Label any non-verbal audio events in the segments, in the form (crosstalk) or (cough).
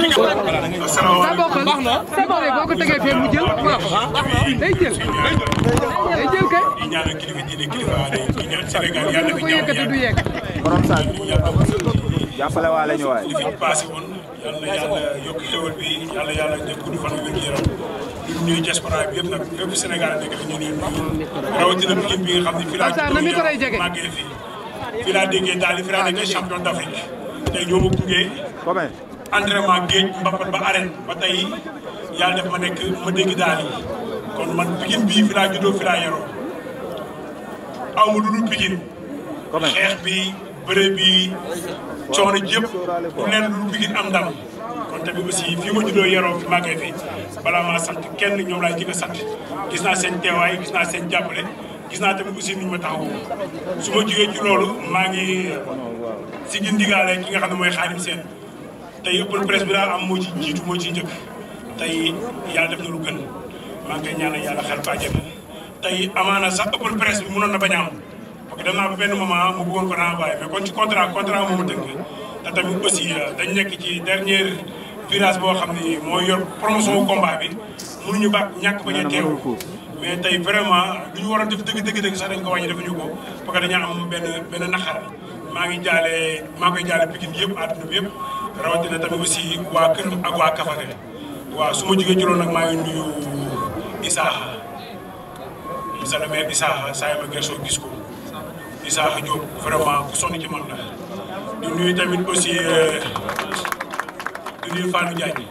sa bopp sa bopp boo ko tegee fee mu jël waaw day jël day jël kay. bu ko yëkkati du yegg. borom saa jàppale waa la ñu waay. yàlla yàlla yokk xéwal bi yàlla yàlla def gudd fan wér yaram di nuyu diaspora bi yëpp nag fépp Sénégal nekk fi ñu nuyu rawatina équipe bi nga xam ne fii laa màggee fii fii laa déggee daal fii laa nekkee champion d'Afrique tey ñoo ma gunge entraînement géej mbappat ba arène ba tey yàlla def ma nekk ma dégg daal yi kon man Pikine bii fi juddoo fi yaroo aw ma dudul Pikine xeex bi bëre bi coono yëpp ku leen dudul Pikine am ndam kon tamit aussi fii ma juddoo yaroo fi màggee fi balaa maa sant kenn ñoom laay jëkk a sant gis naa seen teewaay gis naa seen jàppale gis naa tamit aussi ni ñu ma taxaw su ma jógee ci loolu maa ngi si gindigaale ki nga xam ne mooy xaarim seen tey ëppal presse bi daa am moo ci jiitu moo ci njëkk tey yàlla def na lu gën maa ngi koy yàlla xel bàjjen tey amaana sax ëppal presse bi mënoon na bañ a am parce que dem benn moment mu bëggoon ko renvoyer mais kon ci contrat contrat moomu dëgg te tamit aussi euh, dañ nekk ci dernier village boo xam ni mooy yor promotion combat bi mënuñu baax ñàkk bañ a teew mais tey vraiment du ñu war a def dëgg dëgg sax dañ ko wàññi defuñu ko parce que dañu am benn benn naxar maa ngi jaale maa koy jaale Pikine yëpp àdduna bi yëpp rawatina tamit aussi waa këram ak waa Kaffrine waaw su ma jógee ci nag maa ngi nuyu Isaaxa monsieur le maire Isaaxa saa ma gersoo gis ko Isaaxa Diop vraiment ku sonn ci man di nuyu tamit aussi euh, di nuyu Fallou Diagne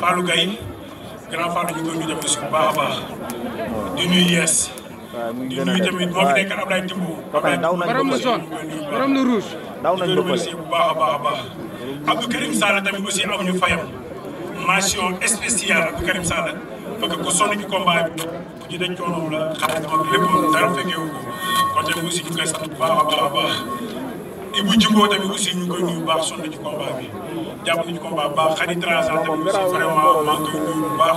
Fallou Gaye grand Fallou ñu ngi tamit aussi bu baax a baax di nuyu Yes. waaw muy gën a def tamit moo fi nekkal Abdoulaye Timbo. Abdoulaye daw nañ borom lu jaune borom lu rouge. daw nañ ko bële bu baax a baax a baax. Abdou Karim Sall tamit aussi amuñu fayam. mention spéciale Abdou Karim Sall parce que ku sonn ci combat bi ku ci denc coonoom la xaaral ma lépp dara fekkee wu ko kon tamit aussi ñu koy sant bu baax a baax a baax. Ibou Djimbo tamit aussi ñu ngi koy nuyu bu baax sonn ci combat bi jàpp na ci combat bu baax xarit Transal tamit aussi vraiment maa ngi koy nuyu bu baax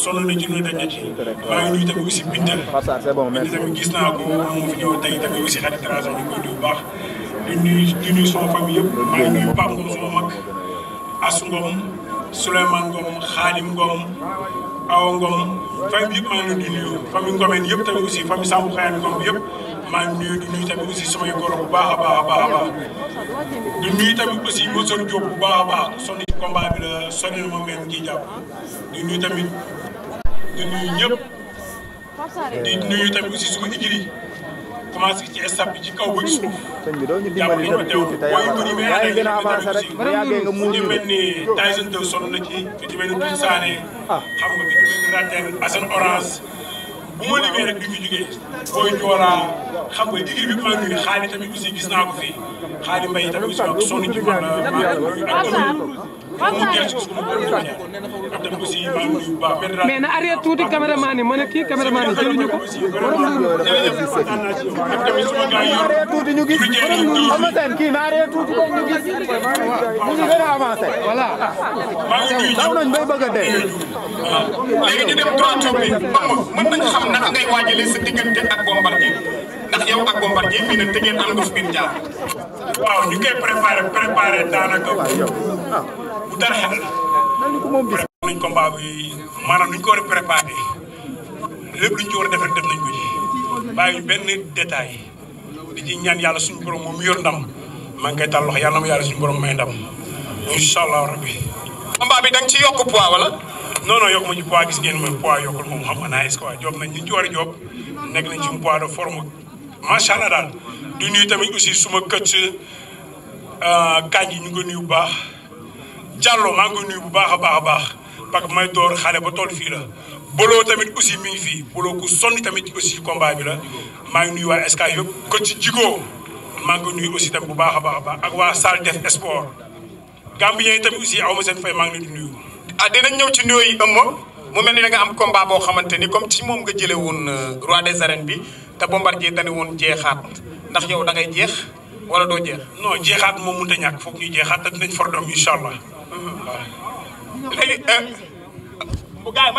sonn na ci lu dañ ci maa ngi nuyu ah, baax di nuyu di nuyu yëpp maa ngi nuyu Pape Ngom mag Assou Ngom Souleymane Ngom Khadim Ngom Awa Ngom famille yëpp maa ngi leen di nuyu famille yëpp tamit aussi famille Samb Xayane Ngom yëpp maa ngi nuyu di nuyu tamit aussi samay goro bu baax a baax a baax a baax di nuyu tamit aussi Moussa Diop bu baax a baax sonn ci combat bi la sonn na ma mel kii jàpp di nuyu tamit di nuyu ñëpp di nuyu tamit aussi suma igri ci stade bi ci kaw ba ci suuf jàpp nañu ko teewul booy yu bëri mais yàlla nañu ko na ci ku ci mel ni Doudou Sané ah. nga ku ci mel ni Ratel bu ma limee rek du ñu jugee booy joolaa xam nga digir bi ma nuyu xaali tamit aussi gis naa ko fii xaali mbay tamit aussi sonn ci man maa ngi nuyu ak mais na arrière tuuti caméraman yi ma a kii caméraman yi jëluñu ko. arrière tuuti ñu gis. am na seen kii na arrière tuuti ko ñu gis. mu ngi gën a avancé. voilà. daw nañ bay bëgg a dee. léegi ñu dem trois coow bi mën nañu xam naka ngay waajalee sa diggante ak bombardier ndax yow ak bombardier fii nag te ngeen am nga jaar. waaw ñu koy préparé préparé daanaka. bu dara xel nañ combat bi maanaam ni ñu ko war a préparé lépp lu ñu ci war a def rek def nañ ko ci bàyyi ñu benn détail di ci ñaan yàlla suñu borom moom mu yor ndam maa ngi koy tàll loxo yàlla na ma yàlla suñu borom may ndam incha allah rabbi. combat bi da nga ci yokk poids wala. non non yokk ma ci poids gis ngeen ma poids yokkul moom xam nga naa est-ce que job nañ ñu ci war a job nekk nañ ci poids de forme macha allah daal du nuyu tamit aussi suma kët kañ yi ñu ngi ko nuyu bu baax. Diallo maa ngi koy nuyu bu baax a baax a baax parce que may door xale ba toll fii la Bolo tamit aussi mi ngi fii Bolo ku sonn tamit aussi combat bi la maa ngi nuyu waa SK yëpp ko ci jigoo maa ngi nuyu aussi tamit bu baax a baax a baax ak waa salle def sport Gambien tamit aussi aw ma seen fay maa ngi leen di nuyu. ah dinañ ñëw ci nuyoo yi ëmb. mu mel ni da nga am combat boo xamante ni comme ci moom nga jëlee woon euh, roi des arènes bi te bombardier dañu woon jeexaat ndax da ngay jeex wala doo jeex. jeexaat moom mënut a ñàkk foog ñuy jeexaat te dinañ for doom incha allah. waaw léegi euh, bu gars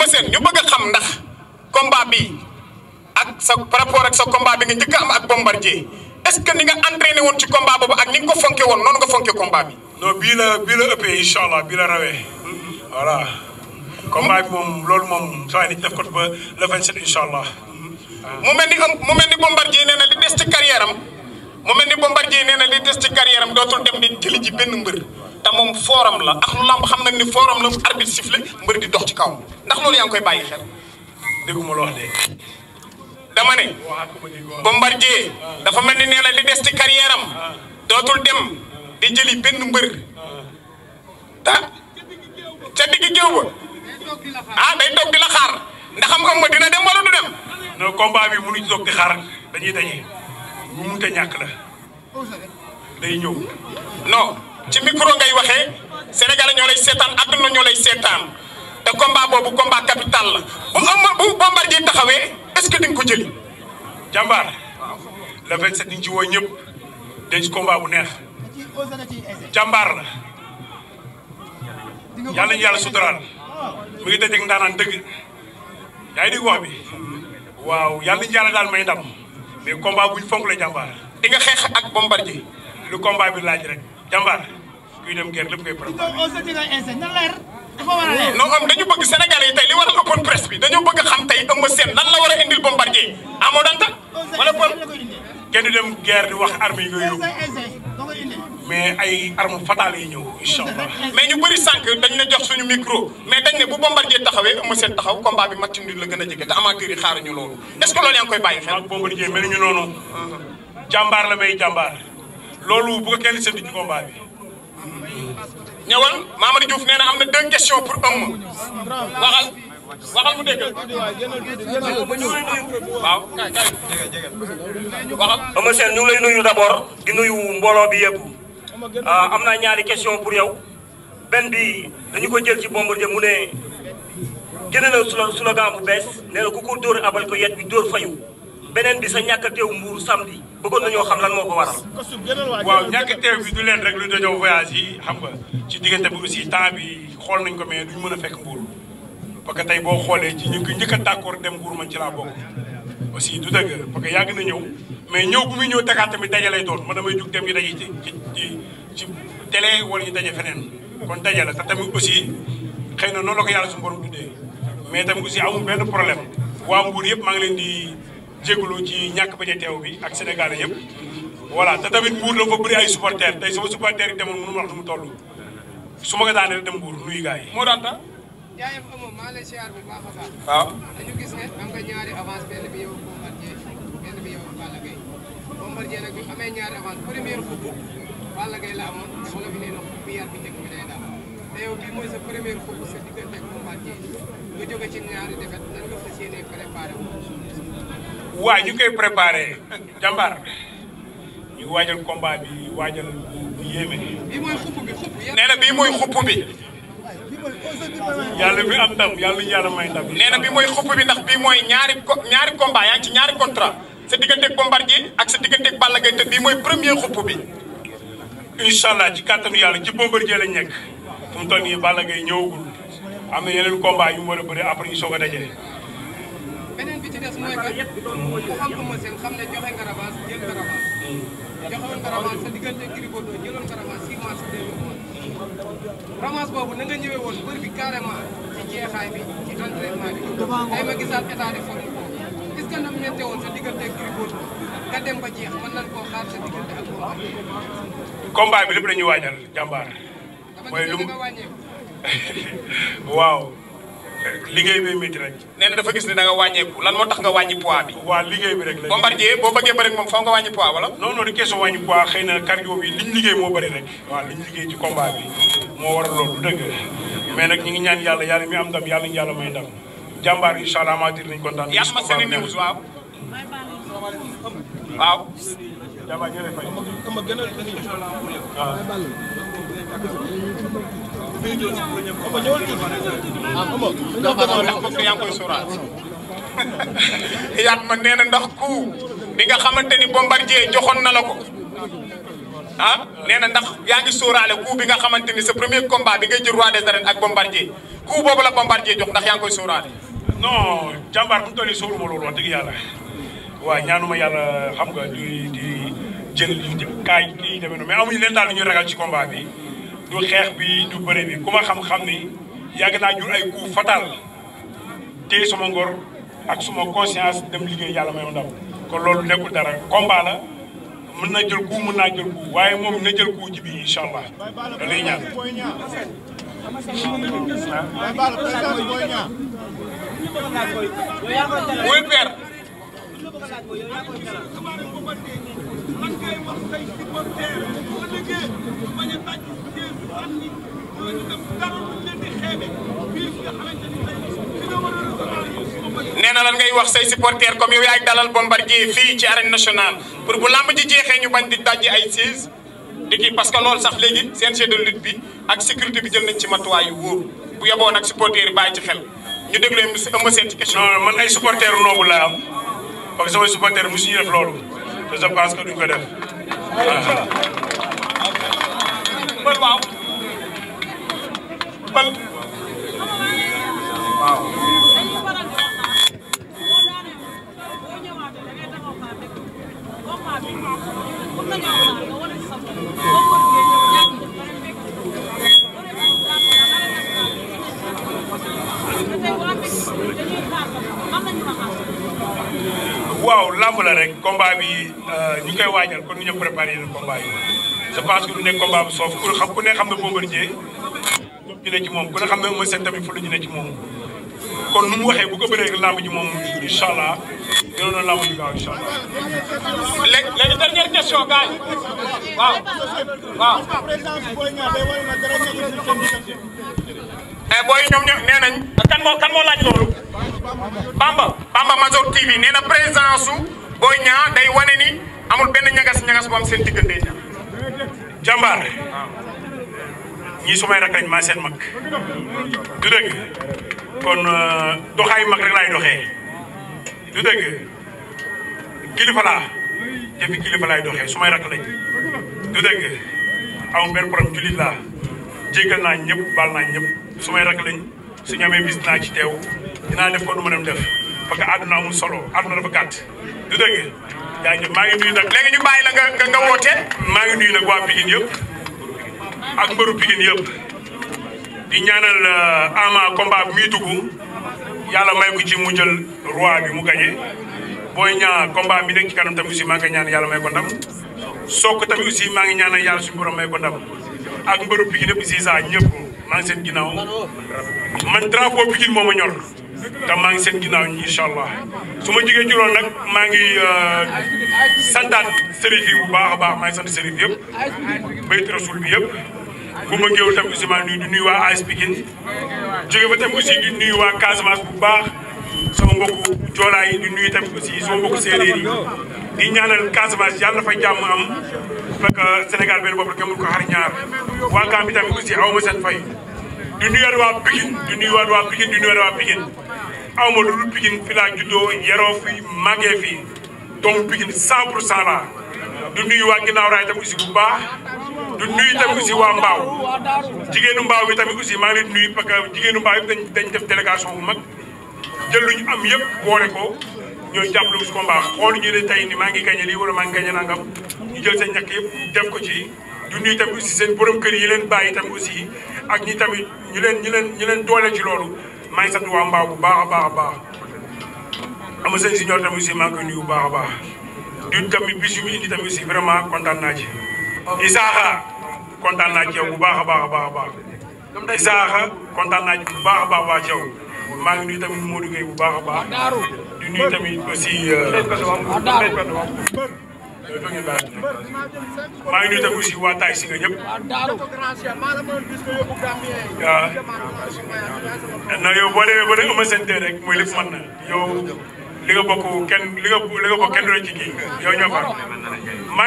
yi seen ñu bëgg a xam ndax combat bi ak sa par rapport ak sa combat bi nga njëkk am ak bombardier est-ce que ni nga entraîné woon ci combat boobu ak ni nga ko fonke woon noonu nga fonke combat bi non bii la bii la ëppee incha allah bii la rawee voilà combat bi moom loolu moom saa ni def ko ba le 27 incha mu mel ni mu mel ni bombardier nee na des ci carrière mu mel ni Bombardier nee na li des ci carrière am dootul dem di jëli ji benn mbër te moom forum la ak lu lamb xam nañ ni forum la arbitre sifflé mbër di ci kaw ndax loolu yaa koy bàyyi xel dégguma la wax dafa mel ni nee na li ci carrière am dootul dem di jëli benn mbër digg géew ba ah day toog la xaar ndax xam nga ma dina dem wala du dem. non combat bi mënuñ lu mënut a ñàkk la day ñëw. non ci micro ngay waxee Sénégal ñoo lay seetaan àdduna ñoo lay seetaan te combat boobu combat capital la bu am bu Bombardier taxawee est-ce que di ko jëli. jàmbaar le 27 di ci woo ñëpp dañ ci bu neex jàmbaar la yàlla ñu yàlla suturaal mu ngi dajeeg ndaanaan dëgg yaa ngi dégg wax bi waaw yàlla ñu yàlla daal may ndam. mais bu buñ fonk la jàmbaar. di nga xeex ak bombardier. lu combat bi laaj rek jàmbaar kuy dem guerre lépp koy préparer. non am dañu bëgg Sénégal yi tey li a open presse bi dañu bëgg xam tey Eumeu Sène lan la war a indil bombardier amoo danta wala kon kenn du dem guerre di wax armes yi nga yóbbu mais ay armes fatales yi ñëw incha allah. mais ñu bëri sànq dañ la jox suñu micro mais dañ ne bu bombardier taxawee Eumeu Sène taxaw combat bi match nul la gën a jege te amateurs yi xaaruñu loolu est ce que loolu yaa ngi koy bàyyi xel. waaw bombardier mel ñu noonu jàmbaar la bay jàmbaar loolu bu ko kenn séntu ci combat bi. ñëwal Mamadou Diouf nee na am na deux questions pour Eumeu waxal. waxal mu dégg. waaw. waxal. Eumeu Sène ñu ngi lay nuyu d'abord di nuyu mbooloo bi yëpp ah, am naa ñaari question pour yow benn bi dañu ko jël ci Bombardier mu ne génne na slogan bu bees nee na ku ko dóor abal ko yet bi dóor fayu beneen bi sa ñàkk a teew mbuur samedi bëggoon nañoo xam lan moo ko waral. waaw ñàkk teew bi du leen rek lu dañoo voyage yi xam nga ci diggante bi aussi temps bi xool nañ ko mais duñ mën a fekk mbuur parce que tey boo xoolee ci ñu ngi njëkk a d'accord dem nguur man ci laa bokk aussi du dëgg parce que yàgg na ñëw mais ñëw bu muy ñëw Dakar tamit dajalee lay doon man damay jug dem yi daje ci ci ci ñu daje feneen kon daje la te tamit aussi xëy na noonu la ko yàlla suñu borom tuddee mais tamit aussi amul benn problème waa Mbour yëpp maa ngi leen di jégalu ci ñàkk bañ a teew bi ak Sénégal yëpp voilà te tamit Mbour dafa bëri ay supporters tey sama supporters yi demoon mënu ma wax nu mu toll ma ko daanee dem Mbour nuyu yi moo daan yaayam amoo maa lay siyaar bu baax a baax. waaw dañu gis ne am nga ñaari avance benn bi yow Bombardier benn bi yow Balla Gaye Bombardier nag bi amee ñaari avance première xubu Balla Gaye la amoon wala bi nee na bi yar bi njëkk bi day daal te yow bii mooy sa première xubu sa diggante ak Bombardier nga jóge ci ñaari defet nan nga fas yéenee préparé wu. waaw ñu koy préparé jàmbaar ñu waajal combat bi waajal bu yéeme. bii mooy xubu bi xubu nee na bii mooy xubu bi. yàlla mi am ndam yàlla may ndam. nee bi mooy xupp bi ndax bi mooy ñaari ñaari combat yaa ngi ci ñaari contrat sa digganteeg Bombardier ak sa digganteeg Balla Gaye te bii mooy premier xupp bi. incha allah ci kàttanu mu toll nii Balla Gaye am na yeneen combat yu mu war a bëri après ñu soog a daje. beneen romance boobu na nga ñëwee woon bëri bi carrément ci jeexaay bi ci entraînement bi. ay ma gisaat état de forme boobu est-ce que woon sa diggante ak Gris Bordeaux nga dem koo xaar sa diggante ak combat bi. combat bi lépp la ñuy waajal jàmbaar. mooy lu (laughs) waaw. rek. da nga wàññeeku tax nga wàññi poids bi. bi rek la. bombardier boo bëggee bëri moom faw nga wàññi poids wala. non non di question wàññi xëy na cardio bi liñ liggéey moo bëri rek. waaw liñ liggéey ci combat bi. moo war loolu du dëgg mais nag ñi ngi ñaan yàlla yàlla mi am ndam yàlla ñu yàlla may ndam jàmbaar incha allah maa ngi leen di kontaan. yàlla ma seen i news waaw. waaw. jàmbaar ñu lay fay. waaw. yàlla (laughs) ma nee ndax ku bi nga xamante ni bombardier joxoon na la ko. ah nee na ndax yaa ngi sóoraale coup bi nga xamante ni sa premier combat bi ngay jël roi des arènes ak bombardier coup boobu la bombardier jox ndax yaa ngi koy sóoraale. non jàmbaar bu ñu toll nii sóoruma loolu wax dëgg yàlla waaw ñaanuma yàlla xam nga di di jël kaay kii demee mais amuñu leen daal lu ñuy ragal ci combat bi du xeex bi du bëre bi xam-xam ni yàgg naa jur ay coup fatal téye sama ngor ak suma conscience dem liggéey yàlla may ma mën na jël coup mën naa jël coup waaye moom na jël coup ci bi incha allah da lay nee na lan ngay wax say supporters comme yow yaay dalal Bombardier fii ci arène nationale pour bu lamb ji jeexee ñu bañ di dajji ay siis di kii parce que loolu sax léegi CNG de lutte bi ak sécurité bi jël nañ ci matuwaay yu wóor bu yeboo nag supporters yi bàyyi ci xel ñu déglu Eumeu Sène ci question. non man ay supporters noobu laa am parce que samay supporters mosu ñu def loolu te je pense que duñ bari yeneen combat yi je pense que du nekk combat bu soof xam ku xam ne Bombardier ñoom ñu ne ci moom ku xam ne mooy seen fu la ñu ne ci moom kon nu mu waxee bu ko bëree moom incha allah yéen a làmb ji gaaw incha allah. léegi léegi dernière laaj loolu. Bamba Bamba Mazor TV nee na présence su Boy wane ni. amul benn ñagas ñagas bu am seen diggante ñaar jàmbaar ñii su may rak lañ maa seen mag du dëgg kon euh, doxaayu mag rek laay doxee du dëgg kilifa laa jëfi kilifa laay doxee su may rak lañ du dëgg amul benn problème jullit laa jéggal naa ñëpp baal naa ñëpp su may rak lañ su ñamee bis dinaa ci teew dinaa def ko du ma def parce que àdduna amul solo àdduna dafa gàtt du dëgg jaajëf maa ngi nuyu nag léegi ñu bàyyi la nga nga woote maa ngi nuyu nag waa Pikine yëpp ak mbëru Pikine yëpp di ñaanal euh, Ama combat bi muy dugg yàlla may ko ci mu jël mu gagné booy ñaa combat bi nekk ci kanam tamit aussi maa ngi ñaan yàlla may ko ndam soog tamit aussi ñaanal yàlla may ko ndam ak mbëru Pikine yëpp si saa ñëpp maa ngi seen ginnaaw man drapeau Pikine moo ñor. te maa ngi seen ginnaaw incha allah su ma jógee ci nag maa ngi euh, santaat sëriñ bi bu baax a baax maa ngi sant sëriñ bi yëpp bayt rasul bi yëpp bu ma ngéew tam aussi maa ngi nuyu waa AS Pikine jóge fa tam aussi di nuyu waa Casamance bu baax sama mbokku joolaa yi di nuyu tam aussi sama mbokku séeréer yi di ñaanal Casamance yàlla fa jàmm am fekk Sénégal benn bopp rek amul ko xar ñaar waa Gambie tamit aussi aw ma seen fay. di nuyuwaat waa Pikine di nuyuwaat waa Pikine di nuyuwaat waa Pikine aw ma lu dul Pikine fi laa juddoo yaroo fi màggee fi doomu Pikine 100 pour cent laa du nuyu waa raay tamit aussi bu baa du nuyu tamit aussi waa Mbaaw jigéenu Mbaaw bi tamit aussi maa ngi leen nuyu parce que jigéenu Mbaaw yëpp dañ def délégation bu mag jël lu am yëpp boole ko ñooy jàppale ko si combat xool ñu ne tey ni maa ngi gagné lii wala maa ngi gagné nangam ñu jël seen ñàkk yëpp def ko ci. du nuyu tamit aussi seen borom kër yi leen bàyyi tamit aussi ak ñi tamit ñu leen ñu leen ñu leen doole ci loolu maa ngi sant waa mbaaw bu baax a baax a baax ama seen junior tamit aussi maa ngi koy nuyu baax a baax du tamit bis yu mu indi tamit aussi vraiment kontaan naa ci Isaaxa kontaan naa ci bu baax a baax a baax a baax Isaaxa kontaan naa ci bu baax a baax a baax ci yow maa ngi nuyu tamit Modou Gueye bu baax a baax di nuyu tamit aussi euh, maa ngi nuyu tam aussi waa si Singa ñëpp. waaw. na yow boo demee ba ne Eumeu Sène tey rek mooy lépp mën na yow li nga bokk kenn li bokk kenn du la ci kii yow ñoo far.